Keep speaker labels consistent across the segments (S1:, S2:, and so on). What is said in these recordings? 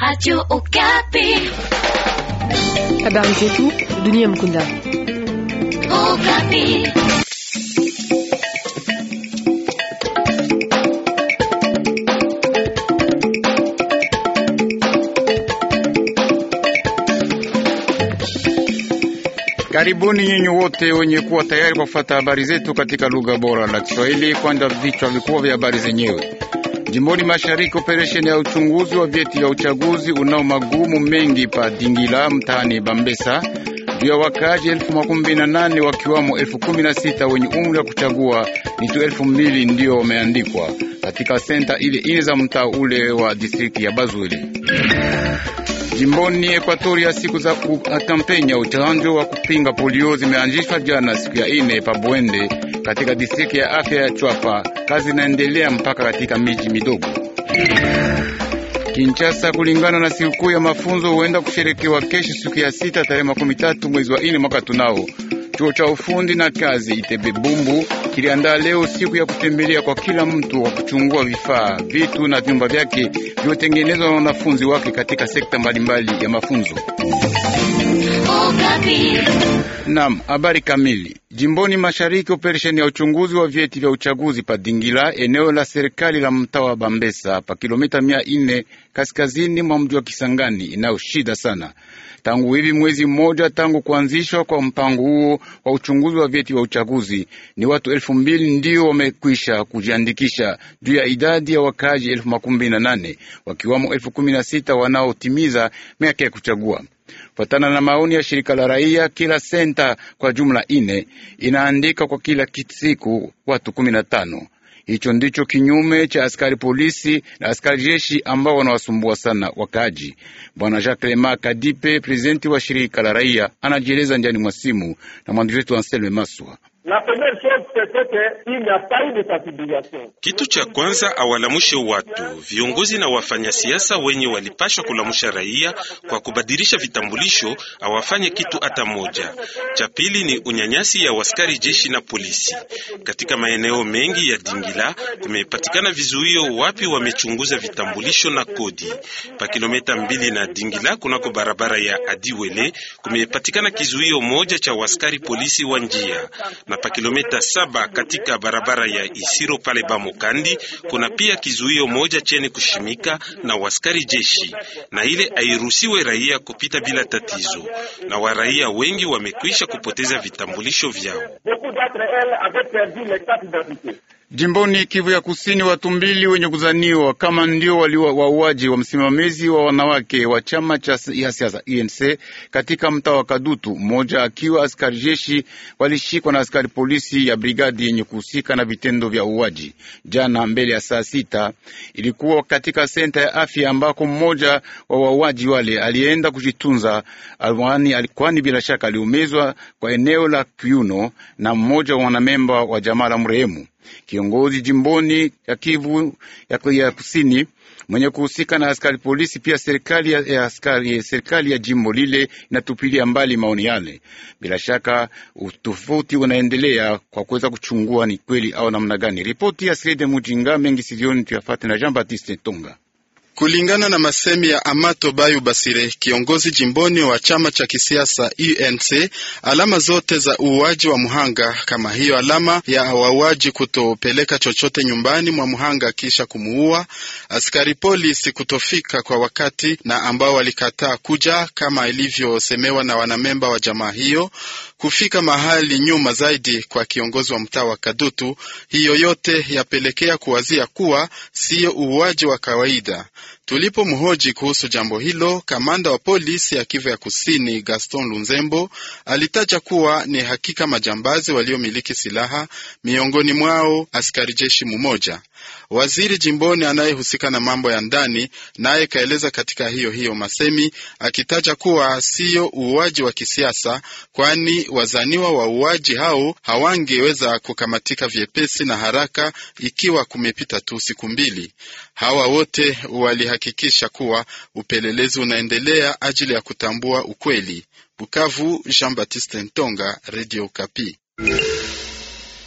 S1: Radio Okapi.
S2: Habari zetu dunia mkunda.
S1: Okapi.
S3: Karibuni nyinyi wote wenye kuwa tayari kwa kufuata habari zetu katika lugha bora la Kiswahili. Kwanza vichwa vikubwa vya habari zenyewe. Jimboni Mashariki, operesheni ya uchunguzi wa vyeti vya uchaguzi unao magumu mengi pa Dingila mtaani Bambesa juu ya wakaaji elfu makumi mbili na nane wakiwamo elfu kumi na sita wenye umri wa kuchagua ni tu elfu mbili ndiyo wameandikwa katika senta ile ine za mtaa ule wa distrikti ya Bazuli Jimboni Ekwatoria, siku za kampeni ya uchanjo wa kupinga polio zimeanzishwa jana siku ya ine pa Bwende katika distrikti ya afya ya Chwapa. Kazi inaendelea mpaka katika miji midogo. kinchasa kulingana na sikukuu ya mafunzo, huenda kusherekewa kesho, siku ya sita, tarehe makumi tatu mwezi wa nne mwaka tunao. Chuo cha ufundi na kazi Itebe Bumbu kiliandaa leo siku ya kutembelea kwa kila mtu wa kuchungua vifaa, vitu na vyumba vyake vilivyotengenezwa na wanafunzi wake katika sekta mbalimbali ya mafunzo. Oh, Naam, habari kamili Jimboni mashariki, operesheni ya uchunguzi wa vyeti vya uchaguzi Padingila, eneo la serikali la mtaa wa Bambesa, pa kilomita mia nne kaskazini mwa mji wa Kisangani, inayo shida sana tangu hivi mwezi mmoja tangu kuanzishwa kwa mpango huo wa uchunguzi wa vyeti vya uchaguzi. Ni watu elfu mbili ndio wamekwisha kujiandikisha juu ya idadi ya wakaaji elfu makumi na nane wakiwamo elfu kumi na sita wanaotimiza miaka ya kuchagua. Fuatana na maoni ya shirika la raia, kila senta kwa jumla ine inaandika kwa kila siku watu kumi na tano. Hicho ndicho kinyume cha askari polisi na askari jeshi ambao wanawasumbua sana wakaji. Bwana Jacques Lema Kadipe, prezidenti wa shirika la raia, anajieleza njani mwa simu na mwandishi wetu Anselme Maswa.
S4: Kitu cha kwanza awalamushe watu viongozi na wafanyasiasa wenye walipashwa kulamusha raia kwa kubadilisha vitambulisho, awafanye kitu hata moja. Cha pili ni unyanyasi ya waskari jeshi na polisi. Katika maeneo mengi ya Dingila kumepatikana vizuio wapi wamechunguza vitambulisho na kodi. Pa kilomita mbili na Dingila kunako barabara ya Adiwele kumepatikana kizuio moja cha waskari polisi wa njia na pa kilomita saba katika barabara ya Isiro pale Bamukandi. Kuna pia kizuio moja cheni kushimika na waskari jeshi, na ile airuhusiwe raia kupita bila tatizo, na waraia wengi wamekwisha kupoteza vitambulisho vyao. Jimboni
S3: Kivu ya Kusini, watu mbili wenye kuzaniwa kama ndio wauaji wa msimamizi wa wanawake wa chama cha ya siasa UNC katika mtaa wa Kadutu, mmoja akiwa askari jeshi, walishikwa na askari polisi ya brigadi yenye kuhusika na vitendo vya uaji jana mbele ya saa sita. Ilikuwa katika senta ya afya ambako mmoja wa wauaji wale alienda kujitunza, kwani bila shaka aliumizwa kwa eneo la kiuno na mmoja wa wanamemba wa jamaa la mrehemu Kiongozi jimboni ya Kivu ya, ya kusini mwenye kuhusika na askari polisi pia serikali ya, ya, askari, serikali ya jimbo lile inatupilia mbali maoni yale. Bila shaka utofauti unaendelea kwa kuweza kuchungua ni kweli au namna gani. Ripoti ya
S4: Srede Mujinga mengi sizioni tuyafate na Jean Baptiste Tonga. Kulingana na masemi ya Amato Bayu Basire, kiongozi jimboni wa chama cha kisiasa UNC, alama zote za uuaji wa mhanga kama hiyo alama ya wauaji kutopeleka chochote nyumbani mwa mhanga kisha kumuua, askari polisi kutofika kwa wakati na ambao walikataa kuja kama ilivyosemewa na wanamemba wa jamaa hiyo, kufika mahali nyuma zaidi kwa kiongozi wa mtaa wa Kadutu. Hiyo yote yapelekea kuwazia kuwa siyo uuaji wa kawaida. mhoji kuhusu jambo hilo, kamanda wa polisi ya Kivu ya Kusini Gaston Lunzembo alitaja kuwa ni hakika majambazi waliomiliki silaha, miongoni mwao askari jeshi mmoja. Waziri jimboni anayehusika na mambo ya ndani naye kaeleza katika hiyo hiyo masemi akitaja kuwa siyo uuaji wa kisiasa, kwani wazaniwa wa uuaji hao hawangeweza kukamatika vyepesi na haraka ikiwa kumepita tu siku mbili. Hawa wote walihakikisha kuwa upelelezi unaendelea ajili ya kutambua ukweli. Bukavu, Jean Baptiste Ntonga, Radio Kapi.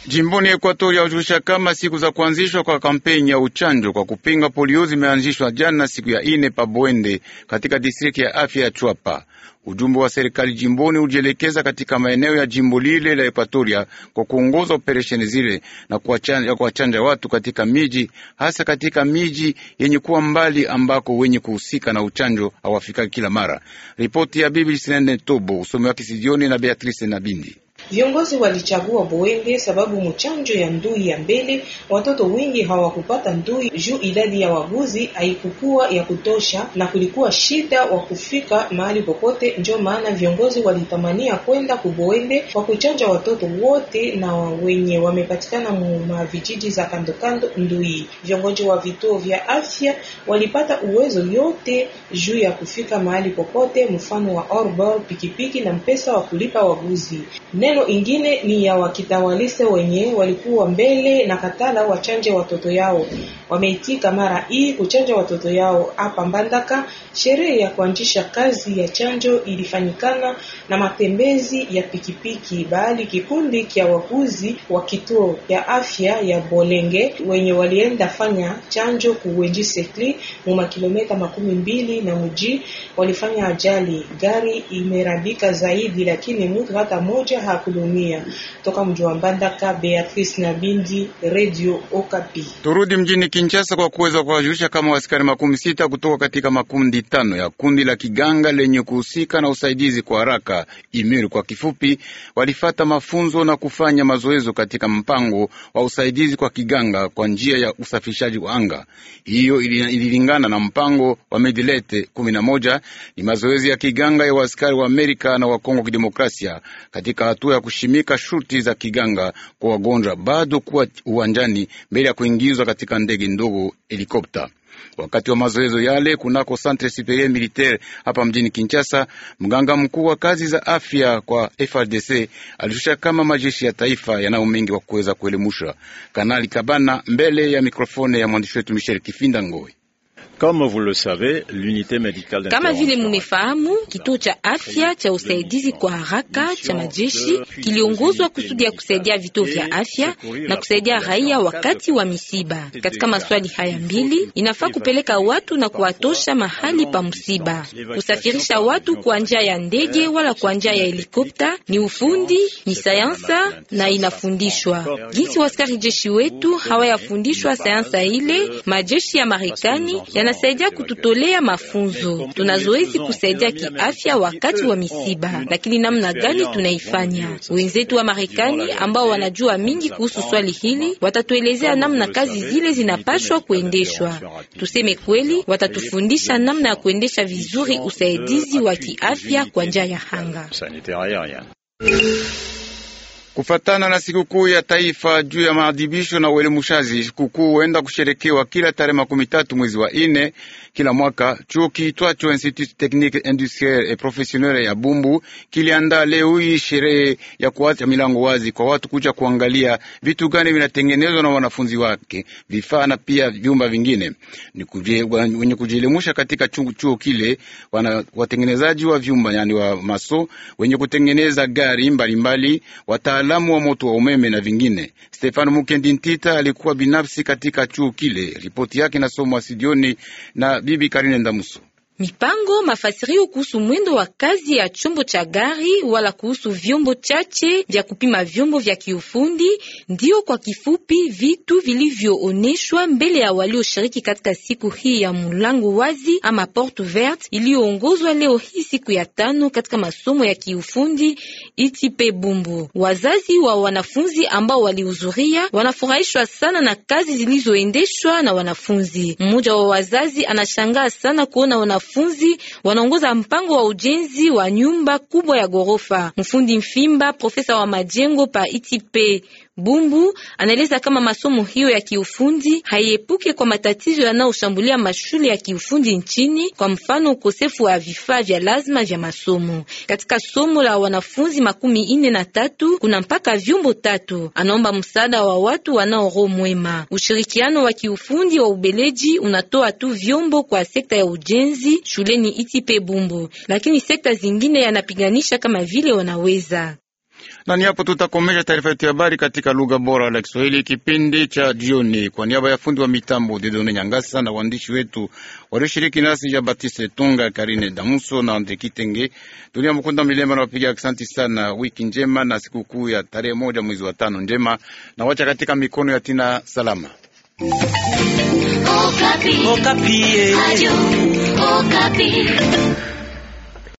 S3: Jimboni Ekuatoria hujulisha kama siku za kuanzishwa kwa kampeni ya uchanjo kwa kupinga polio zimeanzishwa jana siku ya ine pa Bwende katika distrikti ya afya ya Chwapa. Ujumbe wa serikali jimboni ujielekeza katika maeneo ya jimbo lile la Ekuatoria kwa kuongoza operesheni zile na kuwachanja kuwachanja watu katika miji, hasa katika miji yenye kuwa mbali ambako wenye kuhusika na uchanjo hawafikaki kila mara. Ripoti ya Bibi Sinende Tobo usomi wa kisijioni na Beatrice Nabindi.
S2: Viongozi walichagua Boenge sababu mchanjo ya ndui ya mbele, watoto wengi hawakupata ndui juu idadi ya waguzi haikukuwa ya kutosha, na kulikuwa shida wa kufika mahali popote. Ndio maana viongozi walitamania kwenda kuboende kwa kuchanja watoto wote na wenye wamepatikana mu vijiji za kando kando ndui. Viongozi wa vituo vya afya walipata uwezo yote juu ya kufika mahali popote, mfano wa orbo, pikipiki na mpesa wa kulipa waguzi neno Maneno ingine ni ya Wakitawalise wenye walikuwa mbele na katala wachanje watoto yao wameitika mara hii kuchanja watoto yao. Hapa Mbandaka, sherehe ya kuanzisha kazi ya chanjo ilifanyikana na matembezi ya pikipiki, bali kikundi kya waguzi wa kituo ya afya ya Bolenge wenye walienda fanya chanjo kuwenji sekli muma kilometa makumi mbili na mji walifanya ajali, gari imerabika zaidi, lakini mtu hata moja hakulumia. Toka mji wa Mbandaka, Beatrice Nabindi, Radio Okapi.
S3: Turudi mjini Kinshasa kwa kuweza kuwajulisha kama wasikari makumi sita kutoka katika makundi tano ya kundi la kiganga lenye kuhusika na usaidizi kwa haraka imiri kwa kifupi, walifata mafunzo na kufanya mazoezo katika mpango wa usaidizi kwa kiganga kwa njia ya usafishaji wa anga. Hiyo ililingana na mpango wa Medilete kumi na moja. Ni mazoezi ya kiganga ya wasikari wa Amerika na wa Kongo Kidemokrasia katika hatua ya kushimika shurti za kiganga kwa wagonjwa bado kuwa uwanjani mbele ya kuingizwa katika ndege ndogo helikopta. Wakati wa mazoezo yale kunako Centre Superieur Militaire hapa mjini Kinshasa, mganga mkuu wa kazi za afya kwa FRDC alishusha kama majeshi ya taifa yanayo mengi wa kuweza kuelemusha. Kanali Kabana mbele ya mikrofone ya mwandishi wetu Michel Kifinda Ngoi. Kama vous le savez, l'unité médicale kama
S1: vile mumefahamu, kituo cha afya cha usaidizi kwa haraka cha majeshi kiliongozwa kusudi ya kusaidia vituo vya afya na kusaidia raia wakati wa misiba. Katika maswali haya mbili, inafaa kupeleka watu na kuwatosha mahali pa msiba. Kusafirisha watu kwa njia ya ndege wala kwa njia ya helikopta ni ufundi, ni sayansa na inafundishwa jinsi waskari jeshi wetu hawayafundishwa sayansa ile. Majeshi ya Marekani yana wanasaidia kututolea mafunzo. Tuna zoezi kusaidia kiafya wakati wa misiba, lakini namna gani tunaifanya? Wenzetu wa Marekani ambao wanajua mingi kuhusu swali hili watatuelezea namna kazi zile zinapashwa kuendeshwa. Tuseme kweli, watatufundisha namna ya kuendesha vizuri usaidizi wa kiafya kwa njia ya hanga.
S3: Kufatana na sikukuu ya taifa juu ya maadhibisho na uelimushaji, sikukuu huenda kusherekewa kila tarehe makumi tatu mwezi wa ine kila mwaka. Chuo kiitwacho Institut Technique Industriel et Professionnel ya Bumbu kiliandaa leo hii sherehe ya kuacha milango wazi kwa watu kuja kuangalia vitu gani vinatengenezwa na wanafunzi wake, vifaa na pia vyumba vingine. Ni wenye kujielimusha katika chuo, kile wana, watengenezaji wa vyumba yani wa maso wenye kutengeneza gari mbalimbali mbali, wataalamu wa moto wa umeme na vingine. Stefano Mukendi Ntita alikuwa binafsi katika chuo kile. Ripoti yake inasomwa studioni na bibi Karine Ndamuso
S1: mipango mafasirio kuhusu mwendo wa kazi ya chombo cha gari wala kuhusu vyombo chache vya kupima vyombo vya kiufundi, ndio kwa kifupi vitu vilivyoonyeshwa mbele ya walioshiriki katika siku hii ya mlango wazi ama porte verte iliyoongozwa leo hii siku ya tano katika masomo ya kiufundi itipe Bumbu. Wazazi wa wanafunzi ambao walihudhuria wanafurahishwa sana na kazi zilizoendeshwa na wanafunzi. Mmoja wa wazazi anashangaa sana kuona wanafunzi wanafunzi wanaongoza mpango wa ujenzi wa nyumba kubwa ya ghorofa. Mfundi Mfimba, profesa wa majengo pa ITP Bumbu anaeleza kama masomo hiyo ya kiufundi haiepuke kwa matatizo yanayoshambulia mashule ya kiufundi nchini, kwa mfano ukosefu wa vifaa vya lazima vya masomo. Katika somo la wanafunzi makumi ine na tatu kuna mpaka vyombo tatu. Anaomba msaada wa watu roho mwema. Ushirikiano wa kiufundi wa ubeleji unatoa tu vyombo kwa sekta ya ujenzi shuleni iti Bumbu, lakini sekta zingine yanapiganisha kama vile wanaweza
S3: na ni hapo tutakomesha taarifa yetu ya habari katika lugha bora la Kiswahili kipindi cha jioni. Kwa niaba ya fundi wa mitambo Dedone Nyangasa na waandishi wetu walioshiriki nasi ya Batiste Tunga, Karine Damuso na Andre Kitenge, dunia Mkunda Milemba na wapiga asanti sana. Wiki njema na sikukuu ya tarehe moja mwezi wa tano njema, na wacha katika mikono ya Tina Salama. Okapi. Oh, Okapi. Oh, eh. Okapi.